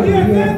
Yeah, yeah.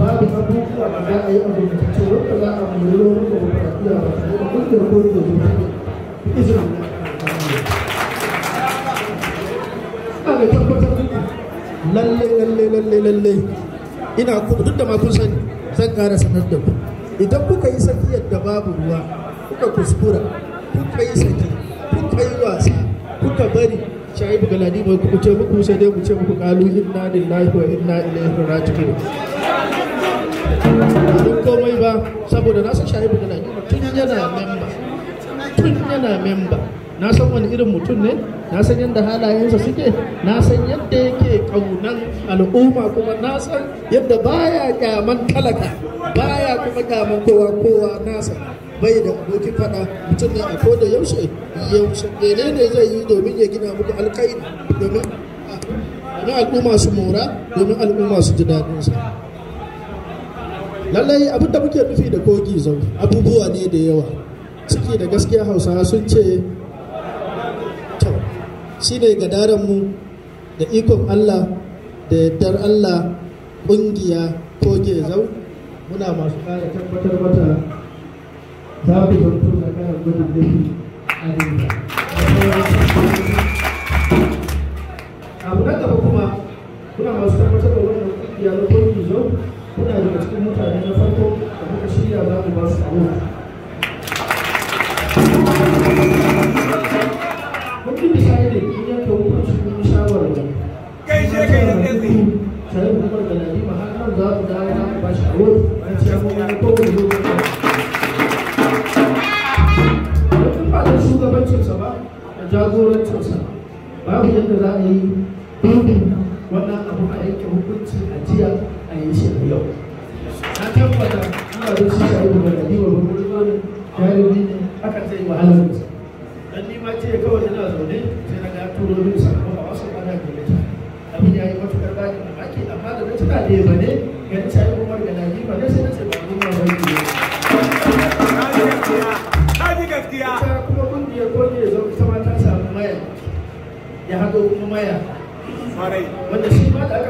babu abubuwa za a yi wanda za a ina da lalle lalle lalle lalle ina kuma duk da ma kun sani zan ƙara sanar da ku idan kuka yi sakiyar da babu ruwa kuka kuskura kuka yi saki kuka yi wasa kuka bari shayi bugaladi mai kuka ce muku sai dai mu ce muku kalu inna lillahi wa inna ilaihi raji'un duk komai ba saboda na san sharibu da najeriya tun yana memba tun yana memba na san wani irin mutum ne na san yadda halayensa suke na san yadda yake kaunan al'umma kuma na san yadda baya kyaman talaka baya kuma kyaman kowa kowa nasa bai da abokin fada mutum ne a koda yaushe yaushe ne ne zai yi domin ya gina muku alkai ah, domin al'umma su mora domin al'umma su ji daɗinsa lallai abin da muke nufi da kogi zau abubuwa ne da yawa ciki da gaskiya hausawa sun ce kyau shi ne mu da ikon allah da yardar allah ƙungiya koge zau muna masu ƙara tabbatar mata za ku zartu na kayan gudun nufi a abu na gaba kuma muna masu tabbatar da wannan ƙungiya yau kuna daga cikin mutane na farko da muka shirya za mu ba su abu mun bi misali da kin hukunci mun shawarar mu kai je kai da kai da nadi ma har nan za mu dawo za mu ba shi abu an ce mun yi ko mu zo ba da shugabancinsa ba da jagorancinsa babu yadda za a yi abinci shi a yi da ɗiwa ba wani zo ne jarumi haka zai dan ni ma ce kawai yana zaune sai na ga turo min sako a wasu ta abin ya yi da amma da na tuna da umar da ba ne sai na ce ba mun ma wani ne kaji gaskiya kuma kungiyar zo samu maya ya kuma maya wanda shi ma da aka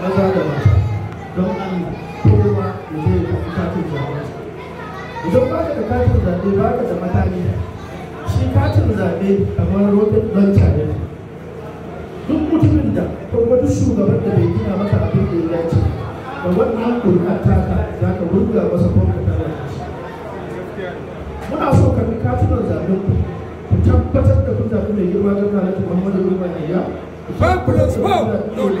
maza da mata don Allah kowa katin idan ba ka da katin zaɓe ba ka da mataki shi katin zaɓe kamar duk mutumin da ko wani shugaban da bai gina maka abin da ya dace da wannan ƙuri'a taka za ka muna so ka zaɓen ku tabbatar da mai girma ba dole.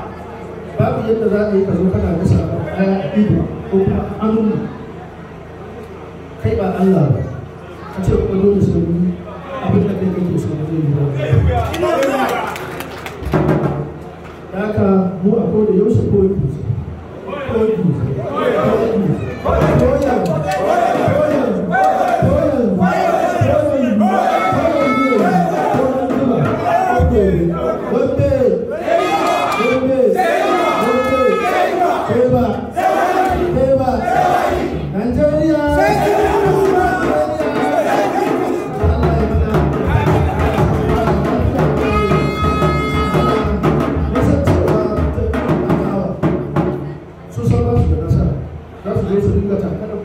yadda za a yi ka zo kana musa ɗaya ido ko kuma hannun kai ba Allah ba a ce ko dole su yi abin da kai kake so ne zai ba. Da haka mu a koda yaushe ko yi je su dinga takarar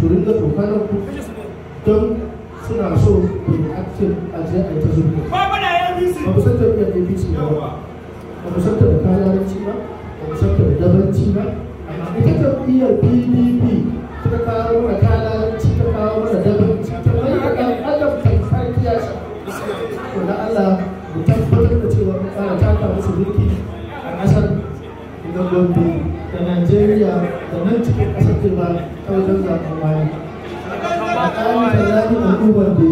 su dinga tsokanar don suna so ku yi aktin a je a yi ta zubi ba mu san tafiya da bici ba ba mu san tafiya kayaranci ba ba mu san tafiya dabanci ba ita tafiyar pdp ta kawo mana kayaranci ta kawo mana dabanci ta mai da ɗan adam tamfar kiyasha allah mu tabbatar da cewa mu ƙara taka musu mulki a ƙasar na gombe da najeriya da nan cikin trường là tôi cho rằng là mày Kami telah melakukan di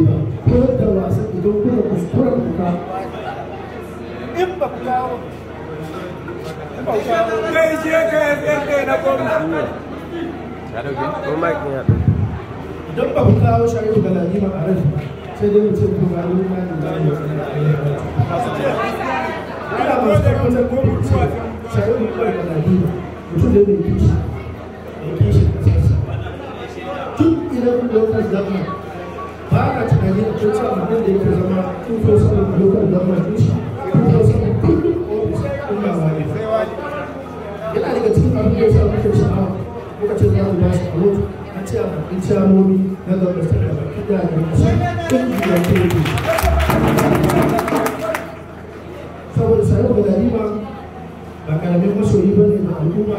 pertawasa itu pun kurang buka. Impak kau. Impak kau. Kau siapa yang kau nak kau? Ada kan? Kau mic ni ada. Jom pak kau cari bukan lagi mak arif. Saya dia macam tu baru main. Kita mesti kau cakap kau buat. Saya bukan lagi. Itu dia ni. duk idan local government ba a tunani a kan cewa da yake zama 2000 local government ɗin shi 2000 public office ɗin ba wani yana daga cikin abin da ya samu kyau sha'awa muka ce za mu ba su alo a ce a bakin ciyamomi na gwamnati da baki da da su ɗin da ke yi saboda sanar da garima ba karamin masoyi ba ne da al'umma